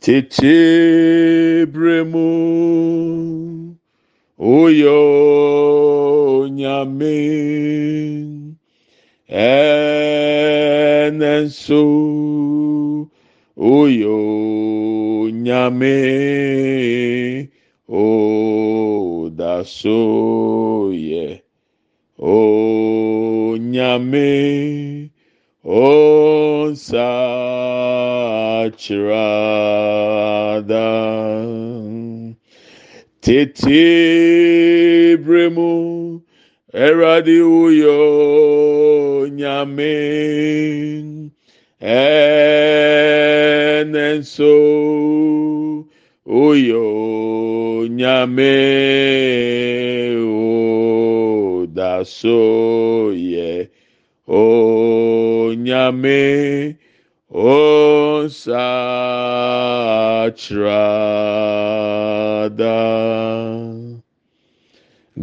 tete bremu oyo nyame enenso oyo nyame o daso ye o nyame o sa. Chirada titi bere eradi uyo woyɔ nyame ɛnɛ nso nyame o da so yɛ o nyame. O Satrada.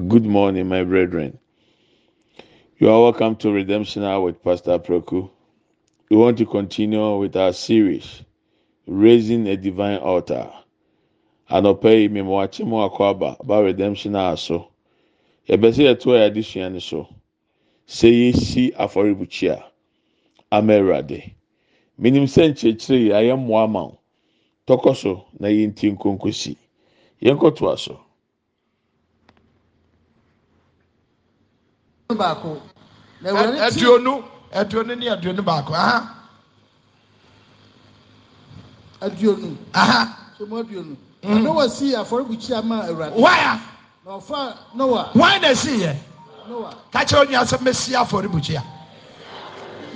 Good morning, my brethren. You are welcome to Redemption Hour with Pastor Proku. We want to continue with our series, Raising a Divine Altar. and yi, mmemmɔakye mu akɔ aba ba redemption hour so. Yɛbɛsɛ yɛto a yɛadesua no so. Sɛ si afɔrebukyia. Ama Amerade. menim sɛ nkyerɛkyerɛ yi ayɛ mmoa ma wo tɔkɔ so na yɛnti nkonkosi yɛnkɔtoa so aduonu aduonu ne aduonu baako aha aduonu aha somu aduonu mm. nowa si afɔrebukyia ma awurade waya na nowa waya na si yɛ kakyɛ onyaa sɛ mesi afɔrebukyia.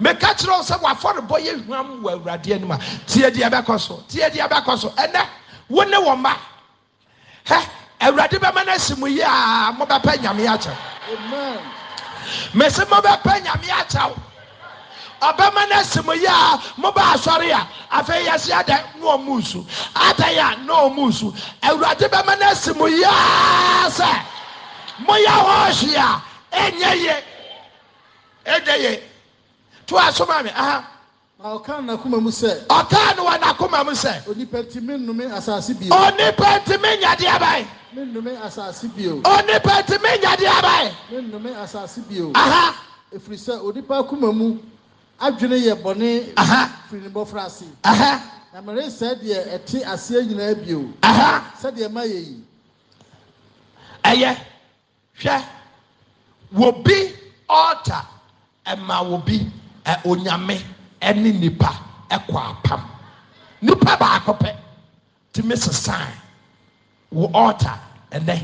meka kyerɛ wo sɛ wafɔrebɔ yɛ hwam wɔ awurade anim a tie deɛ bɛkɔ so tie deɛ bɛkɔ so ɛnɛ wo ne wɔ mma hɛ awurade bɛma no asi mu yie a mobɛpɛ nyame akyɛw mese mobɛpɛ nyame akyɛw ɔbɛma no asi mu yie a mobɛ asɔre a afei yɛse ada na ɔmu su ada a na ɔmu su awurade bɛma no asi mu yie a sɛ moyɛ hɔ hwe a ɛnyɛ yie ɛdɛ yɛ to aso maame aha. ɔka n'akoma mu sɛ. ɔka no wɔ n'akoma mu sɛ. onipa ntumi nnome asaase bio. onipa ntumi nyade abae. mi nnome asaase bio. onipa ntumi nyade abae. mi nnome asaasi bio. aha. efiri sɛ onipa akoma mu adwene yɛ bɔne. aha. firi ne bɔfra ase. aha. na mɛrɛ sɛdeɛ ɛte aseɛ nyinaa bio. aha. sɛdeɛ ɛma yɛ yi. ɛyɛ hwɛ wobi ɔɔta. ɛma wo bi ɛ onyame ɛne nipa ɛkɔ apam nipa baako pɛ tumi sisan wo ɔɔta ɛnɛ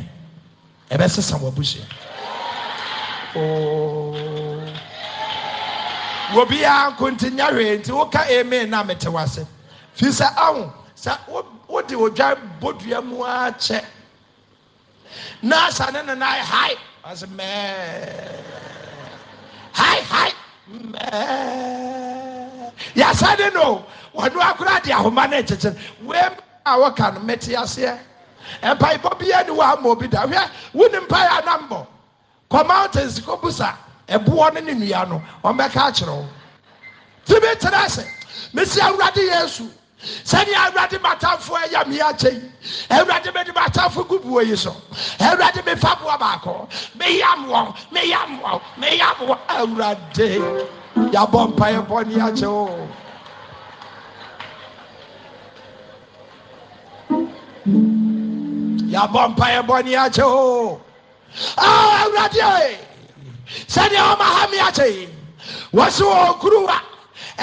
ɛbɛ sisan wɔ busua ooo wobi a nkontinya hwee nti woka eme na mete wase fi sa ahu sɛ wodi odwa bodua mu akyɛ na asa ne nana ayi hai ɔsi mɛɛ. hai mɛɛ yasa de no wɔn akora de ahoma ne kyekyere wɛm a wɔka no mɛte aseɛ mpaebɔ bia ne wɔama obi da hwɛ wuni mpaeɛ anambɔ kɔ mountains kɔ busa ɛboɔ ne ne nua no wɔn bɛka akyerɛ wɔn tibi kyerɛ ase mesia awurade yesu. sɛneɛ awura de maatamfoɔ ayɛ me akyɛi awurade mede matamfo gu buɔ yi so awurade mefaboa baakɔ meyam wɔ meyam ɔ meyaɔ awurade yabɔmpa yɛbɔneakyo yabɔmpa yɛbɔne akyɛ o awurade sɛneɛ ɔma ha me akyɛi wɔ soɔɔ kuruwa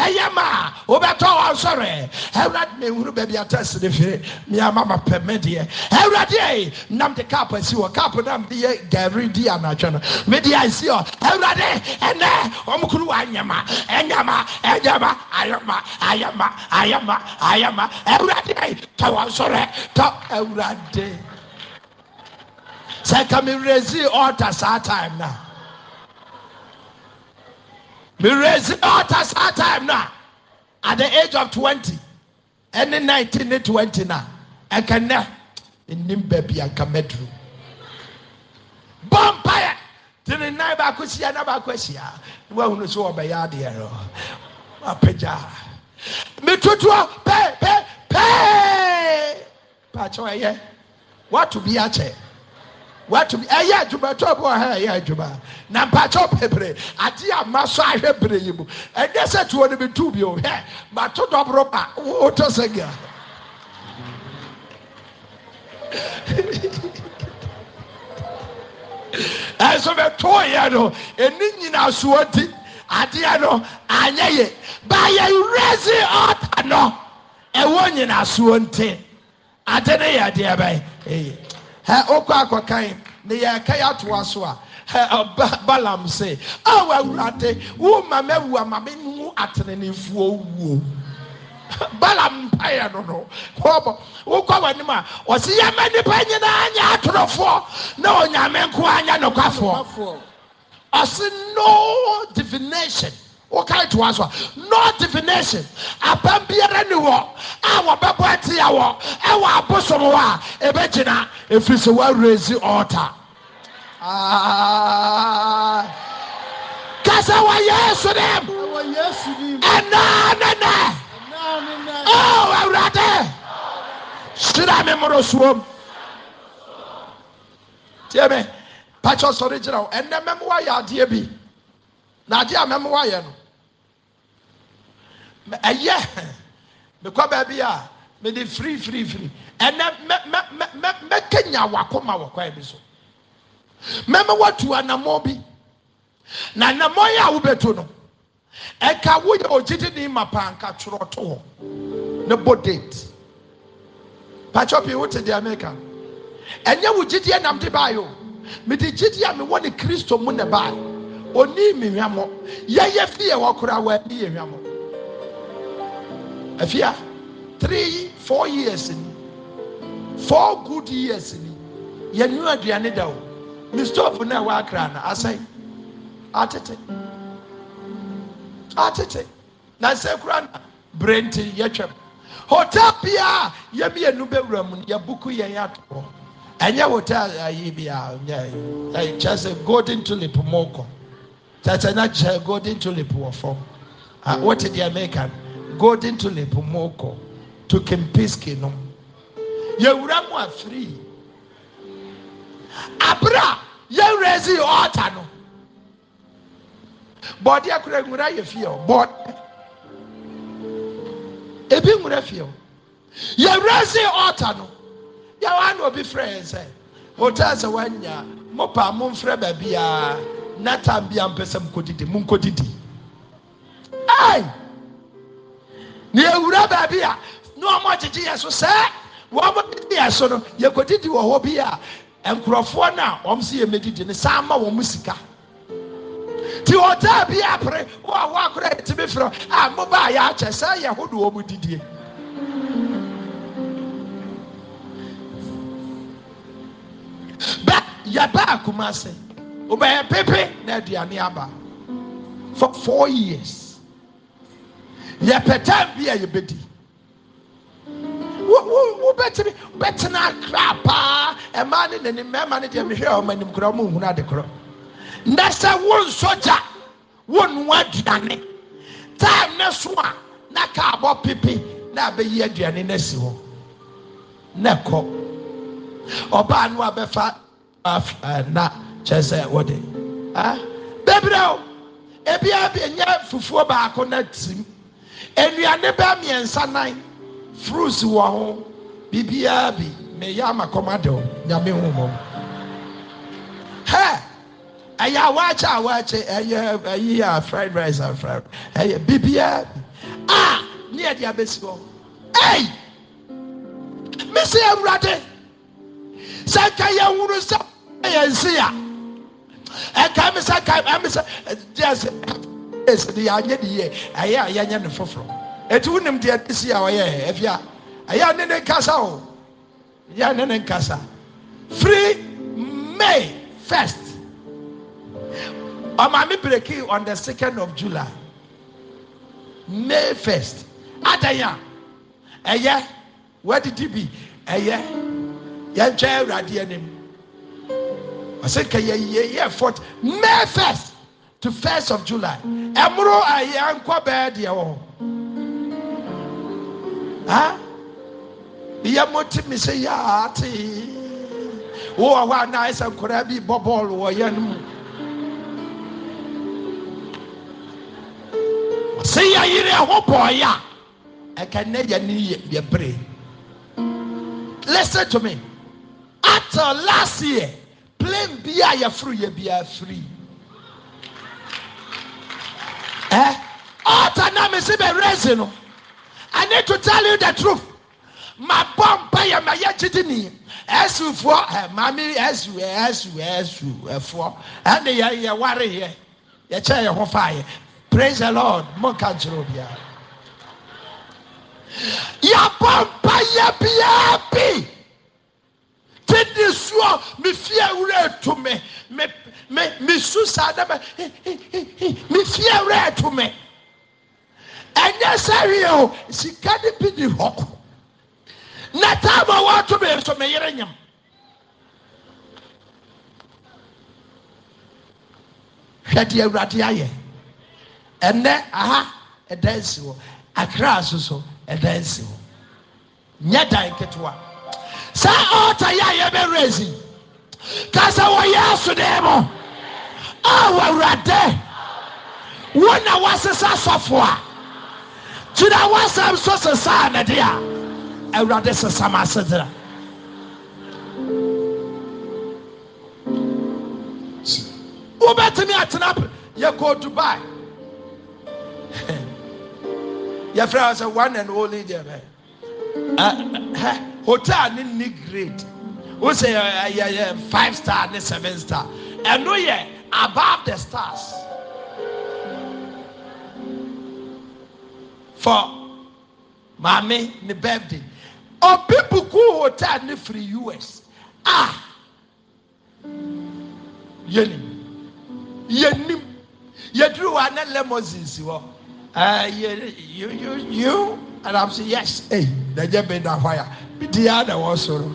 ɛyɛ ma wobɛtɔ ɔnsɔre ɛwurade mewuru bɛabiatɛ sene fire meamamapɛ medeɛ ɛwurade namde kapo asiwɔ kapo namde yɛ gaere di anatweno medeasiɔ ɛwurade ɛnɛ ɔmokoru waanyama ɛyama ɛnyama ayma ayma ayɛma ayɛma ɛwurade tɔ wɔnsɔrɛ tɔ ɛwurade sɛ kamewerɛzi ɔta saa tim no mewerɛzi ɔtasaa time no a a the age of 20 ne 19 ne 20 no a ɛkanɛ nnim baabia nka maduru bɔmpayɛ te ne nan baako sia ne baakɔ asiaa n woahunu so wɔbɛyɛadeɛrɔ apgya metotoo pepepe pɛ kyɛwyɛ woato bia akyɛ t ɛyɛ adwuma ɛtɔbɔ hɛ yɛ adwumaa na mpɛ tɛpɛbrɛe eh, adeɛ ama so ahwɛ eh, berɛ yi mu ɛnɛ eh, sɛtoɔ no bɛtuu bio hɛ matodɔbr ba tɔsɛ ga ɛnso mɛtooeɛ no ɛni nyina soɔ nti adeɛ no anyɛ yɛ ba yɛ wresi olta no ɛwɔ nyina soɔ nte ade ne yɛ deɛ bɛ y wokɔ akɔkan ne yɛrka ya atoa so a balam sɛ a wawurade woma mawu ama menwu atenenefoɔ wuo balam mpaeɛ no no wɔbɔ wokɔ anim a ɔsɛ yɛma nnipa nyinaa nyɛ atorofoɔ na ɔnyame nko a nyɛ nokwafoɔ ɔse no divination wokaetoa so a no difinition abam biara ne wɔ a wɔbɛbɔ ateea wɔ ɛwɔ abosom hɔ a ɔbɛgyina ɛfiri sɛ woawerɛsi olta ka sɛ wɔyɛ sunem ɛna nenɛwurade hyere a memmorɔ suom nti me pɛkyɛ ɔsɔre gyira wo ɛnɛ mɛmowayɛ adeɛ bi naagye a mɛmowayɛ no ɛyɛ mekɔ baabi a mede firi firi firi ɛnɛ mɛ mɛ mɛ mɛkanya wakoma wɔ kwae bi so mɛmɛ watu anamɔ bi na anamɔ yɛ a wobɛto no ɛka woyɛ ogyidini ma panka twerɛ to hɔ ne bɔ date patwɔ pii wote deɛ meka ɛnyɛ wo gyidie nam de baa mede gyidie a mewɔ ne kristo mu ne baa oni mi hwamɔ yɛyɛ fi yɛ wɔ koraa wɔ yɛ hwamɔ. afia 3 yi 4 years ni f good years ni yɛnu aduane da wo me stop ne wɔakra no asɛe atte atete nansɛ kora no berɛnte yɛtwɛ hɔta bia a yamɛ yɛnu bɛwura mu no yɛbuku yɛn athɔ ɛnyɛ wɔtɔayibiakyɛsɛ gode nto lipomɔkɔ tɛsɛ ne kyɛ gode tolipowɔfɔ ah, wote deɛ meka no golden tulip mu kɔ to kempiski no yɛwura mu afiri abere a yɛwura no bɔɔde akora nwura yɛ fie bɔɔd ebi nwura fie o yɛwura no yɛwɔ ano obi frɛ yɛn sɛ hotel sɛ wanya mo pa mo nfrɛ baabi a na bi a mpɛ sɛ didi mo nkɔ didi ɛɛ. na ewura baabi a na so sɛ wɔn didi yɛn so no yɛkɔdidi wɔ hɔ bi a nkurɔfoɔ no a wɔn si yɛ medidi no saa ma wɔn sika ti ɔtaa bi apere wɔ a wɔ akora yɛ tebe fira ah, a But yaba akuma se pepe na aduane aba for four years. yɛpɛ time bi a yɛbɛdi wobɛtumi wobɛtena akra paa ɛmaa ne n'anim mmarima no deɛ mehwɛ ɔma anim korɔ ɔmohunu ade korɔ na sɛ wonsɔ gya wonua aduane time ne so a na ka pipi na abɛyi aduane no asi hɔ na ɛkɔ ɔbaa no abɛfa na kyerɛ sɛ wɔde ah, bebrɛ o bi abɛnya fufuo baako na tim nnuane bɛɛ mmiɛnsa nan fruits wɔ ho biribiara bi meyɛ ama kɔmadɛw nyame homɔ hɛ ɛyɛ awaakye awaakye ɛyɛ ɛyi a fried rice and fried ɛyɛ biribiara bi a ne yɛ de abɛsi hɔ ɛy mesi awurade sɛ nka yɛn wuru sɛ yɛn si ɛka mi sɛ ka mi sɛ ɛdi ɛsɛ days de yɛanyɛ de yie ɛyɛ a yɛanyɛ no foforɔ Etu wonim deɛ de si a ɔyɛ ɛfi ɛyɛ a ne ne nkasa o ɛyɛ a ne ne nkasa free may first ɔmaame breki on the second of july may first adanya ɛyɛ wɔdidi bi ɛyɛ yɛntwɛn awurade anim ɔsɛ nkɛyɛ yɛ yɛ fort may first. to 1st of July. Emro ayi ankwa bɛɛ deɛ wɔ ha yɛ mo ti mi sɛ yaa ti wo wɔ hɔ anaa sɛ nkɔla bi bɔ bɔɔlu wɔ yɛn mu sɛ yɛyere ɛho bɔɔya ɛka ne yɛ ni yɛ yɛ bere listen to me after last year plane bi a yɛ furu yɛ bi a ɔtana eh? me se bɛeresy no ane to tell you the truth mabɔmpa yɛ mayɛ gyedine asufɔ mame asssfɔ ne yɛwareyɛ yɛkyɛyɛ ho fayɛ pras e lord monkankyerɛbia yɛbɔmpa yɛ bia bi tede suɔ mefie werɛ tu meme mesu saa nama mefie werɛɛto me ɛnɛ sɛ wee hɔ sika ne bini hɔko na tama wɔtome so me yere nyem hwɛ deɛ awurade ayɛ ɛnɛ aha ɛdansi hɔ akra so so ɛdansi hɔ nyɛ dan ketewa saa ɔtayɛ ayɛbɛwerɛ si ka sɛ wɔyɛ asodeɛ mɔ awo awurade wɔn na wɔasesa asɔfo a gyina wɔasɛm so sesa ne de a awurade sesa ma ase dira. wobɛtumi atena yɛkɔ dubai yɛfrɛ hɔ sɛ one and only deɛ ah, bɛ hotel ne ni grade wosɛ yɛ yɛ five star ne seven star ɛno yɛ above the stars. For maame ne birthday people who hotel ne firi us ah yɛnim yɛnim yɛduru wa ne limousine si eh, you you you and i'm saying yes Hey, dɛjɛ just na hɔ ya di ya na wɔ soro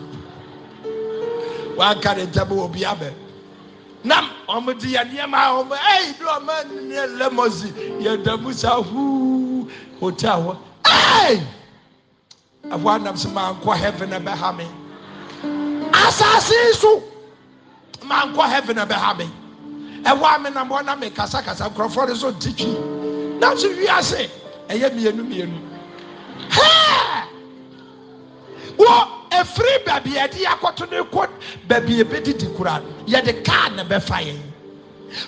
wa nka ne ntɛm wɔ bi abɛ nam. wɔn di yɛ nneɛma a wɔn ɛyi bi wɔn ani yɛ lɛmɔsi yɛ dɛm sa huu hotel hɔ ɛyi ɛfɔ anam sɛ maa nkɔ heaven ɛbɛ ha mi asase so maa nkɔ heaven ɛbɛ ha mi ɛwɔ ami na mo nam kasakasa nkorɔfoɔ de so ti twi nam so wi ase ɛyɛ mienu mienu hɛɛ wɔ. firi baabia ɛde yɛakɔtono kɔ baabi a bɛdidi kora yɛde kaa na bɛfa yɛ ɛ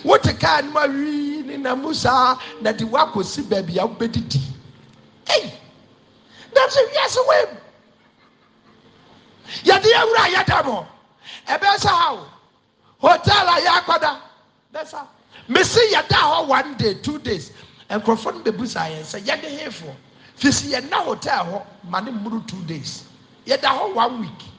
wote ka nom awii ne namu saa na de woakɔsi baabia wo bɛdidi bɛmso wia se wo i mu yɛde yɛwurɛ a yɛdam hɔ ɔbɛɛ sɛ ha wo hotel a yɛ akɔda bɛs mɛse yɛda hɔ one day tw days nkurɔfɔ no bɛbu saa yɛ sɛ yɛde hefoɔ firi si yɛna hotel hɔ ma ne mmuro tw days yɛda hɔ one week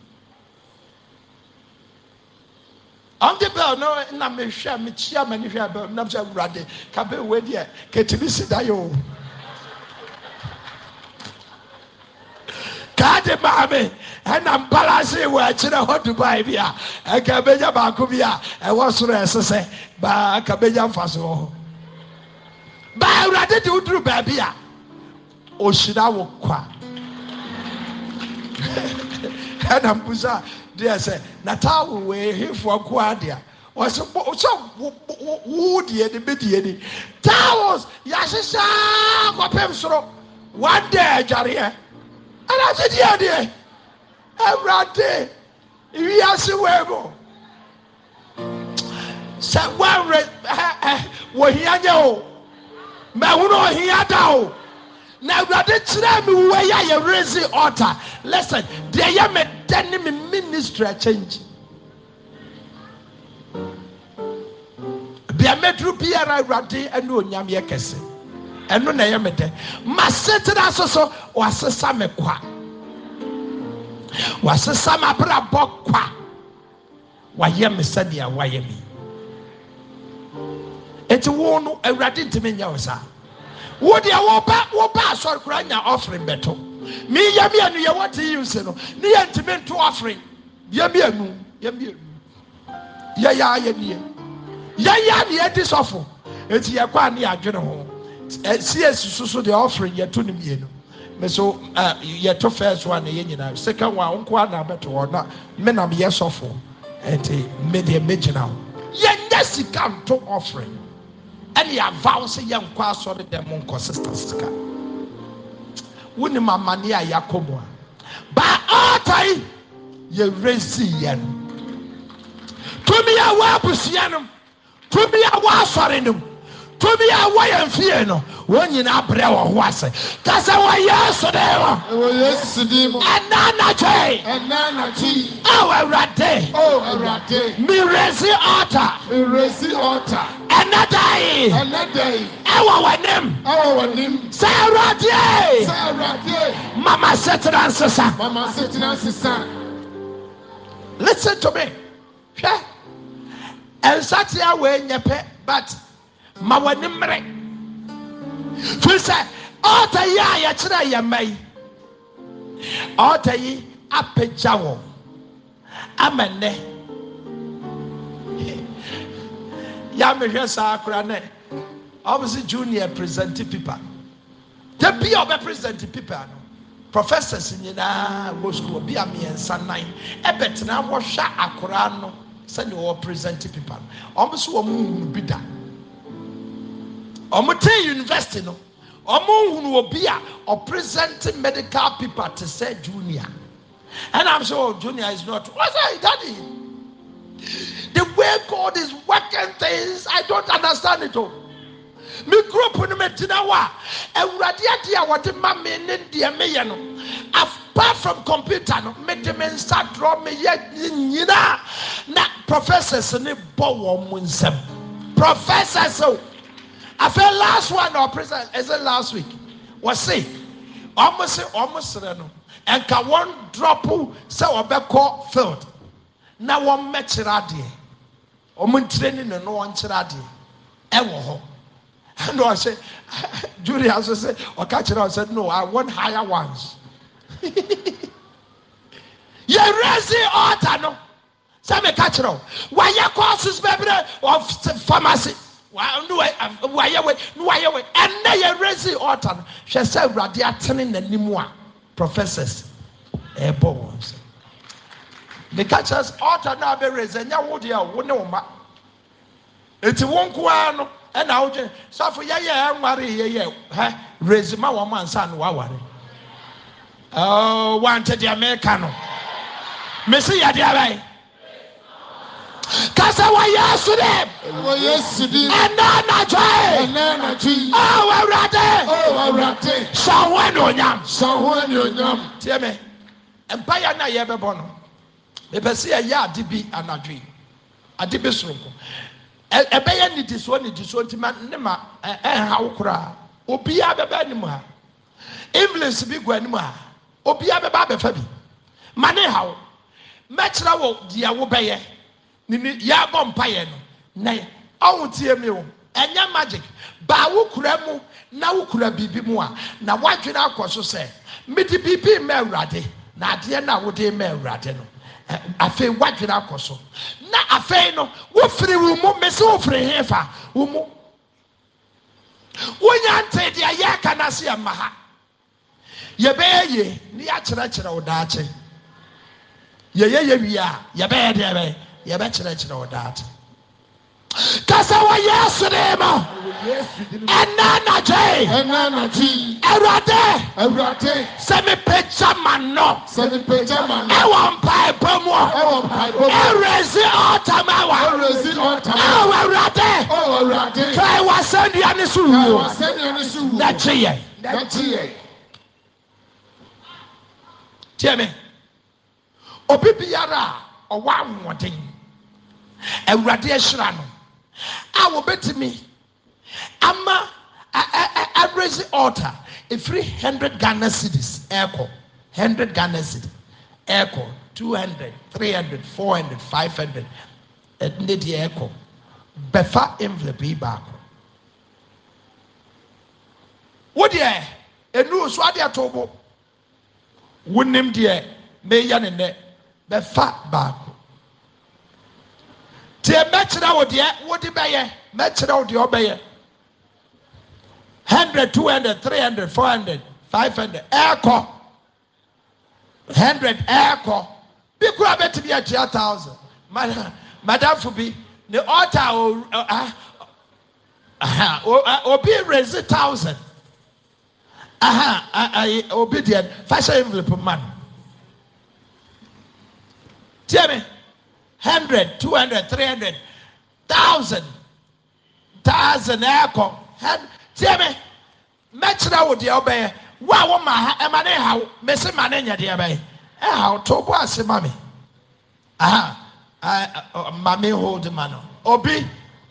ɔnde bɛl no na mehwɛ mekyia m'ani hwɛ a bɛl sɛ awurade ka deɛ kɛtumi si da yɛ o kaa de maa ɛna mbalase wɔ akyerɛ hɔ dubai bi a ɛka bɛnya baako bi a ɛwɔ soro ɛsesɛ baa ka bɛnya mfa so wɔ hɔ baa awurade de woduru baabi a ɔhyira wo kwa ɛnambusaa deɛ sɛ natalwos wɔɛhimfoɔ goa dea ɔssɛwoo deɛ ni bɛdieni tawos yɛhyehyɛa kɔpem soro wandɛ agwareɛ ɛnatediɛ deɛ ɛwra de wiase wei mu sɛ wawerɛ wɔhia nyɛ wo mahuno ɔhia da wo na awurade kyerɛ mi wo yɛ yɛ raising altar listen deɛ yɛ mi dɛ ne mi ministry change deɛ mɛduru biara awurade ɛne onyam yɛ kɛse ɛno na ɛyɛ mi dɛ ma se tena so so wasesa mi kwa wasesa mi abrabɔ kwa wayɛ mi sɛdeɛ wayɛ mi eti wɔn no awurade ntumi nyɛ wɔ saa. Wodi deɛ woba woba asɔre kora nya ɔfere bɛto meyɛ mienu yɛwɔ te yi nse no ne yɛntumi nto ɔfere yɛ mienu yɛ mienu yɛyɛ ayɛ nie yɛyɛ ne yɛdi sɔfo eti yɛkɔ a ne yɛadwene ho siesi soso deɛ ɔfere yɛto ne mienu meso ɛɛ yɛto fɛs one yɛ nyinaa second wa nko ana abɛto hɔ na menam yɛ sɔfo ɛnti me deɛ megyina ho yɛnyɛ sika nto ɔfere ɛne yɛava wo sɛ yɛnkɔ asɔre dɛ mo nkɔ sista wonim amane a yɛakɔ mu a ba ɔtae yɛwerɛsi yɛ no tumi a wɔ abusua no tumi a wɔ asɔre no tumi a wɔyɛ mfie no wɔn nyinaa brɛ wɔn ho ase kasa wɔ yesu de wɔ. ɛwɔ yesu di mu. ɛna anatwe. ɛna anatwe. ɛwɔ awurade. ɛwɔ awurade. miresi ɔta. miresi ɔta. ɛna da yi. ɛna da yi. ɛwɔ wɔn nim. ɛwɔ wɔn nim. sɛ awurade. sɛ awurade. mama setena nsesa. mama setena nsesa. listen to me. hwɛ. ɛnsatea wɔ enyɛ pɛ but ma wɔn ni firi sɛ ɔɔta yi a yɛkyerɛ yɛ mma yi ɔɔta yi apagya wɔn ama nnɛ yàmìhwẹ saa akora nẹ ọmọ sẹ junior present paper tẹbi a ọbẹ present paper no professors nyinaa wọ sukuu obi a mmiɛnsa nan ɛbɛ tena wɔhwɛ akora no sɛdeɛ wɔwɔ present paper no wɔn wɔn mu bi da. you, te university no ɔmo nhunu obi a ɔpresent medical people te say junior and i'm sure oh, junior is not what's that daddy the way god is working things i don't understand it all. me group no me gyina hɔ a awurade adeɛ a wɔde ma me ne deɛ meyɛ no apart from computer no mede me nsa dorɔ meyɛ nyinaa na professors ne bɔ wɔn professors o. Oh, so, I feel last one or present as in last week? Was sick. Almost almost ran. And can one drop so a back filled. Now one match radi. Omen training and no one radi. Ever. And I said. Judy has said, or oh, catch it out. said, No, I want higher ones. You raise the altar, no? me catch it out. Why you call this baby, of pharmacy? wayɛ wei na wayɛ wei ɛnɛ yɛ resi ɔta no hwɛ sɛ awurade atene n'anim a professors ɛɛbɔ wɔn so meka kyerɛ sɛ ɔta no a bɛresi ɛnyɛ wo deɛ wo ne wo ma eti wo nkoa no ɛna awodwe sɔfo yɛyɛ ɛnware yɛyɛ hɛ rezi ma wɔn ansa no waware ɛɛ wante deɛ meka no mesi yɛ deɛ bɛyɛ kasa wɔ yesu de. wɔ yesu de. ɛnɛ natɔ ye. ɛnɛ natɔ ye. ɔ wawurade. ɔ wawurade. sɔnwó ni o nyam. sɔnwó ni o nyam. tiɛ mɛ mpaya na yɛ bɛ bɔ no mepɛ si yɛ yɛ adi bi anadwo yi adi bi soronko ɛbɛyɛ e, e nidisoɔ nidisoɔ nti ma ne ma ɛnhaw e, koraa obiara bɛbɛ anim ha english bi gu anim ha obiara bɛbɛ abɛfa bi ma ne haw mɛkyerɛ wɔ deɛ wobɛyɛ. nini yɛabɔ no na ɔho tie mi o ɛnyɛ magic baa kura na biribi mu a na woadwene akɔ so sɛ mede biribi mma awurade na adeɛ na a mma awurade no afei akɔ so na afei no wofiri wo mu wofiri fa wo mu wonya deɛ ha yɛbɛyɛ ne wo daakye yɛyɛ yɛ wie a yɛbɛyɛ deɛ bɛyɛ yɛbɛkyerɛkyerɛ wo daate kasa wa yesu ne ma ɛna anagye awurade sɛ mepagya ma no ɛwɔ mpaebɔ mu ɛwurɛsi ɔtam awa ɛwɔ awurade kae wɔ asɛnnua ne so wuo na kye yɛ tie me obi biara a ɔwɔ ahoɔden awurade ahyira no a wɔbɛtumi ama abrɛsi altar ɛfiri 100 ghana cities ɛrekɔ 100 ghana city ɛrekɔ 200 300 400 500 ɛne deɛ ɛrekɔ bɛfa envelope yi baako wo deɛ enuru so adeɛ to bo wonim deɛ meyɛ ne nɛ bɛfa baako deɛ mɛkyerɛ wo deɛ wode bɛyɛ mɛkyerɛ wo deɛ ɔbɛyɛ 100 200 300 400 500 ɛɛkɔ 100 ɛɛkɔ bi to be a 1000 madamfo bi ne ɔta obi raise 1000 aha obi deɛ fashion envelope man Tell me 100, 200, 300, 1,000, 1,000 me, mɛkyerɛ wo deɛ ɔbɛyɛ. Wo a woma ha, ɛma ne ha wo, mesi ma ne to bo ase ma Aha, mommy hold ma no. Obi,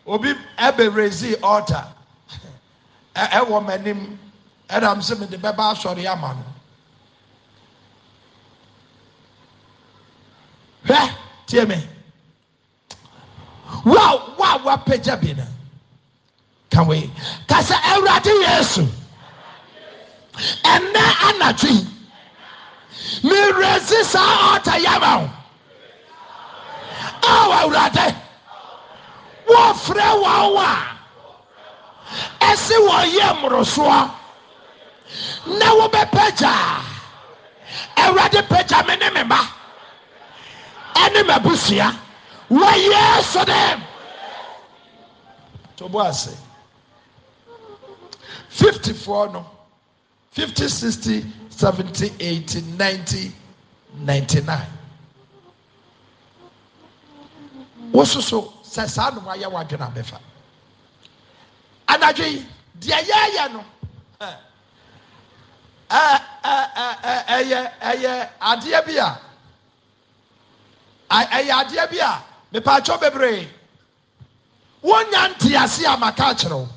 obi ɛbɛ rezi altar. Ɛwɔ m'anim, ɛna m sɛ mede bɛba asɔre ama no. Hwɛ, me wow wow Wow! Peja bina. Can we? kasa awurade yesu ɛnɛ anadwo yi meresi saa ɔta yama wo aw awurade wɔfrɛ wɔn a ɛsi wɔyɛ mmorosoɔ na wobɛpagya awurade pagya me ne me ma ɛne m'abusua wɔyɛ sɛ dɛ to bɔ ase fifty four no fifty sixty seventy eighty ninety ninety nine wososo sɛ saa nom ayɛ wadwene abɛfa anadwo yi deɛ yɛɛyɛ no ɛyɛ ɛyɛ adeɛ bi a ɛyɛ adeɛ bi a mepatwɔ bebree wonya nte ase a maka akyerɛ wo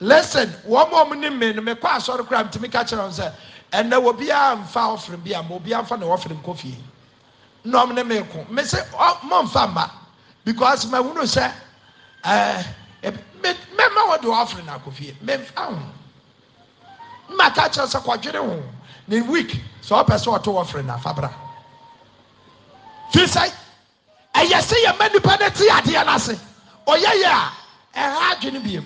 lesson wɔn a wɔn ne mme no mekɔ asɔre koraa ntumi ka kyerɛ wɔn sɛ ɛnna obiara mfa ɔfiri bi ama obiara mfa na ɔfiri nkɔ fie na wɔn ne meko mese ɔ mo mfa mba because ma wunu sɛ ɛɛ mme mma wɔde ɔfiri na akɔ fie mme mfa ho mma ka kyerɛ sɛ kɔdwere ho ne week sɛ ɔpɛ sɛ ɔto ɔfiri na fabra. fi sɛ ɛyɛ sɛ yɛ ma nipa no te adeɛ no ase ɔyɛ yɛ a ɛha adwene biem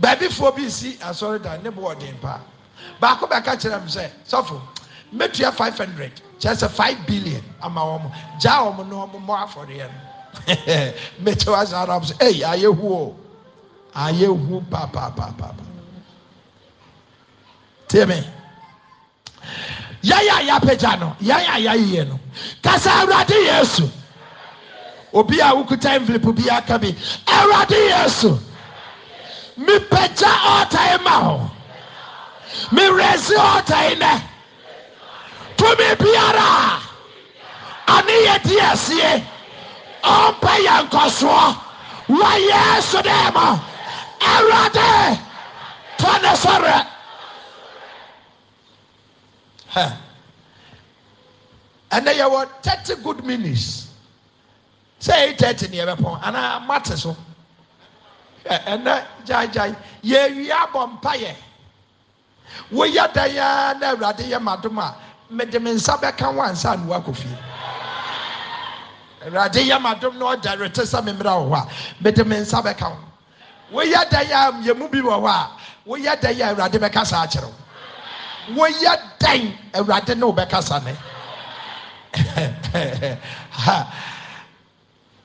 baabifoɔ bi si asɔredan ne bo ɔden paa baako bɛka kyerɛ m sɛ sɔfo mɛtua 500 kyerɛ sɛ 5 billion ama wɔn gyaa wɔn ne wɔn mmɔ afɔreɛ no mɛkyɛ wa saa ara sɛ ɛyi ayɛ o ayɛ hu paapaapaapaapa tèmi. Pa, pa, pa, pa. yɛyaa yɛ pɛgya no yaya yɛyiye no ka sɛ awurade yesu obi a wokutan filipo biaka bi awurade yesu mepagya ɔtɛe ma ho mewerɛsi ɔtɛe nɛ tumi biaraa ane yɛdi asee ɔmpɛ yɛ nkɔsoɔ wɔ yesu de mɔ awurade tɔne sɔrɛ ɛnɛ yɛwɔ tɛte good minuts sɛ yɛɛtɛte neɛbɛpɔn anaa mate soɛnɛ gyagyae yɛwia bɔ mpayɛ woyɛ dan a ne awurade yɛ madom a mede me nsa bɛka ho ansa anoaakɔfie awurade yɛ madom na ɔdawrete sɛ memmrɛ wɔ hɔ a medeme nsa bɛka ho woyɛ danɛ a yɛ mu bi wɔ hɔ a woyɛ danɛ a awurade bɛka saa kyerɛ wo wo yɛ dɛn ɛwruade ne wo bɛkasa ne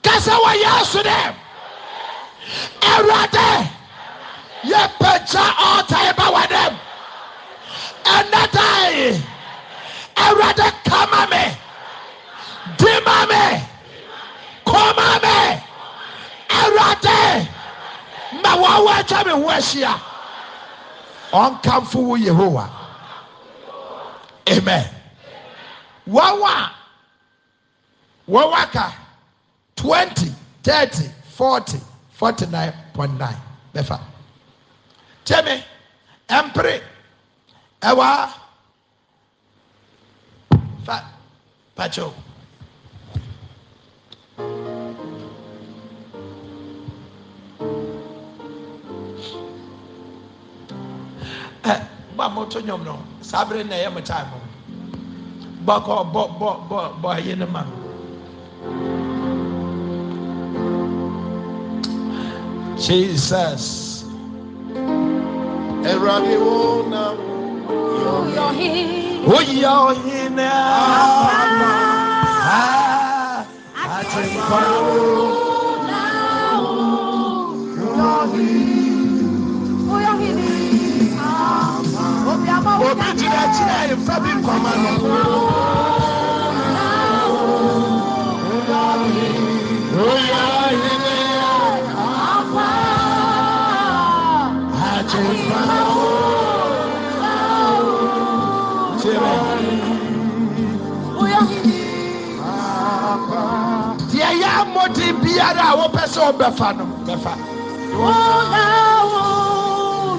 kasɛ wɔyɛ sodɛm ɛrade yɛ kpakya ɔtaebawadɛm ɛnɛdae ɛurade kama me dema me koma me ɛrade ma wɔwɔakya me ho ahia ɔnkamfo wo yehowa amen wawa wawaka 20 30 40 49.9 bɛfa kyɛmi Empre. ɛwɔ Fat, pakyɛw. a moto nnwom no sabre na ɛyɛ mo time ba kɔ bɔ bɔ bɔ ne ma jesus ɛwurade wo na woyɛ ɔhene ama ate nkwa wo. obi gyina akyire a yɛmfa bi nkɔma no deɛ yɛ mmɔden biara a wopɛ sɛ wobɛfa no bɛfa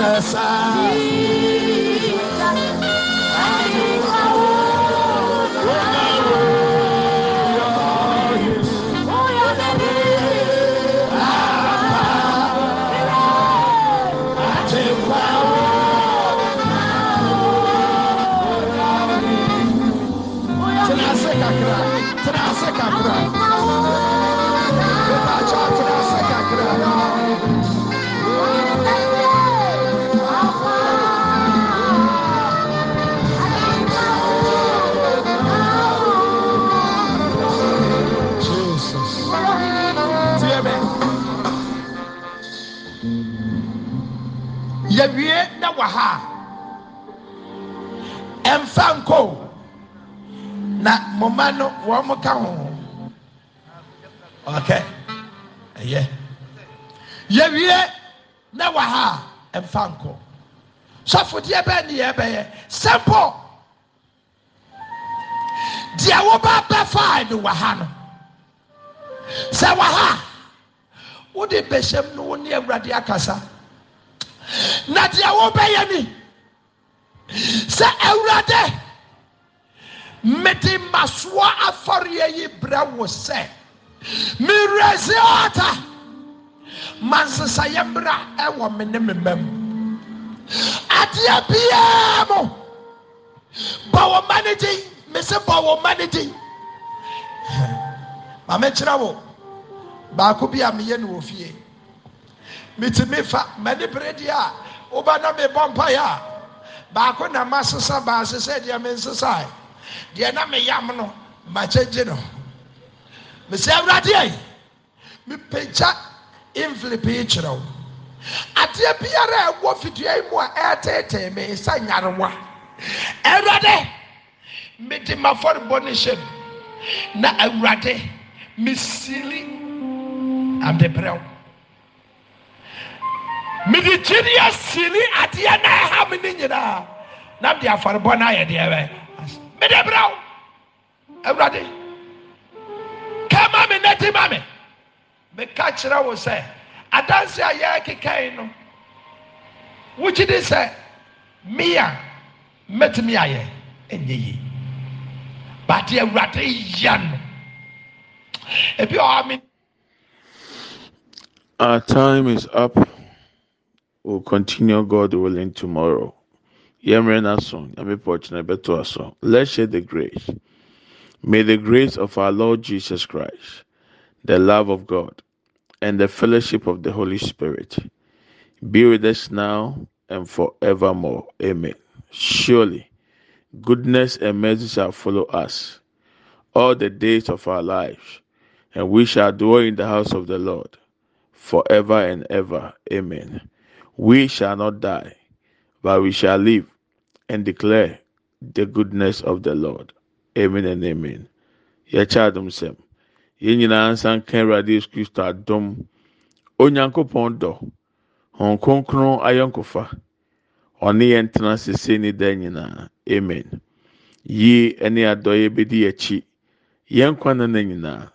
Jesus. na mo mma no wɔn mo ka ho ɔkɛ ɛyɛ yɛwie na wɔ ha a nkɔ sɔfodeɛ bɛɛ ne yɛ bɛyɛ simple deɛ wɔba bɛfa de wɔ ha no sɛ wɔ ha wode bɛhyɛm no wo ne awurade akasa na deɛ wɔbɛyɛ ni sɛ awurade mede mmasoɔ afɔreɛ yi brɛ wo sɛ merɛsi ɔta mansesayɛ mmra ɛwɔ me ne me mma mu adeɛ biara mo bɔ wɔ mma no gyin mese bɔ wɔ mma no gyin ma mekyerɛ wo baako bi a meyɛ no wɔ fie metumi fa mane beredeɛ a woba na mebɔ mpaeɛ a baako na masesa baasesɛ deɛ mensesae deɛ na meyam no makyɛgye ne mesɛ awuradeɛi mepekya mfili piye kyerɛwo ateɛ biara a ɛwɔ fitia i mu a ɛɛtɛtɛe me esa nyarewa awurade mede mafɔrebɔ ne hyɛm na awurade me siri amdebrɛwo mede gyerea siri ateɛ naahawme ne nyinaa na mede afɔrebɔno ayɛdeɛwɛ mede bra wo awurade kama me neti, ma me meka kyerɛ wo sɛ adanse a yɛrekekae no wokyi de sɛ mia a mɛtumi ayɛ ɛnyɛ yi baate awurade yɛ no ebi ɔha me Our time is up. We'll continue, God willing, tomorrow. Yemre Nason, Yamipochna Betuason. Let's share the grace. May the grace of our Lord Jesus Christ, the love of God, and the fellowship of the Holy Spirit be with us now and forevermore. Amen. Surely, goodness and mercy shall follow us all the days of our lives, and we shall dwell in the house of the Lord forever and ever. Amen. We shall not die but we shall live and declare the goodness of the Lord. Amen and amen. Yɛkyɛ adom sɛm. Yɛn nyinaa nsan ka Awurade Kristo adom. Onyankopɔn dɔ. Hɔn kronkron ayɔnkofa. Ɔne yɛn tena sese ne nyinaa. Amen. Yie ne adɔeɛ bɛdi akyi. Yɛn kwan na nyinaa.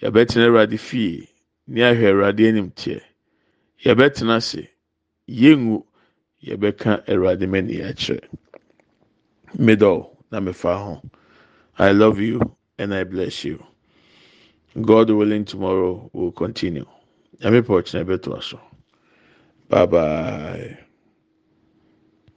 Yɛbɛtena Awurade fie ne ahwɛ Awurade anim teɛ. Yɛbɛtena ase yɛbɛka awurade mani akyerɛ middle na mefa ho i love you and i bless you god willing tomorrow will continue nyame pɛ ɔkyena bɛtoa so bye bye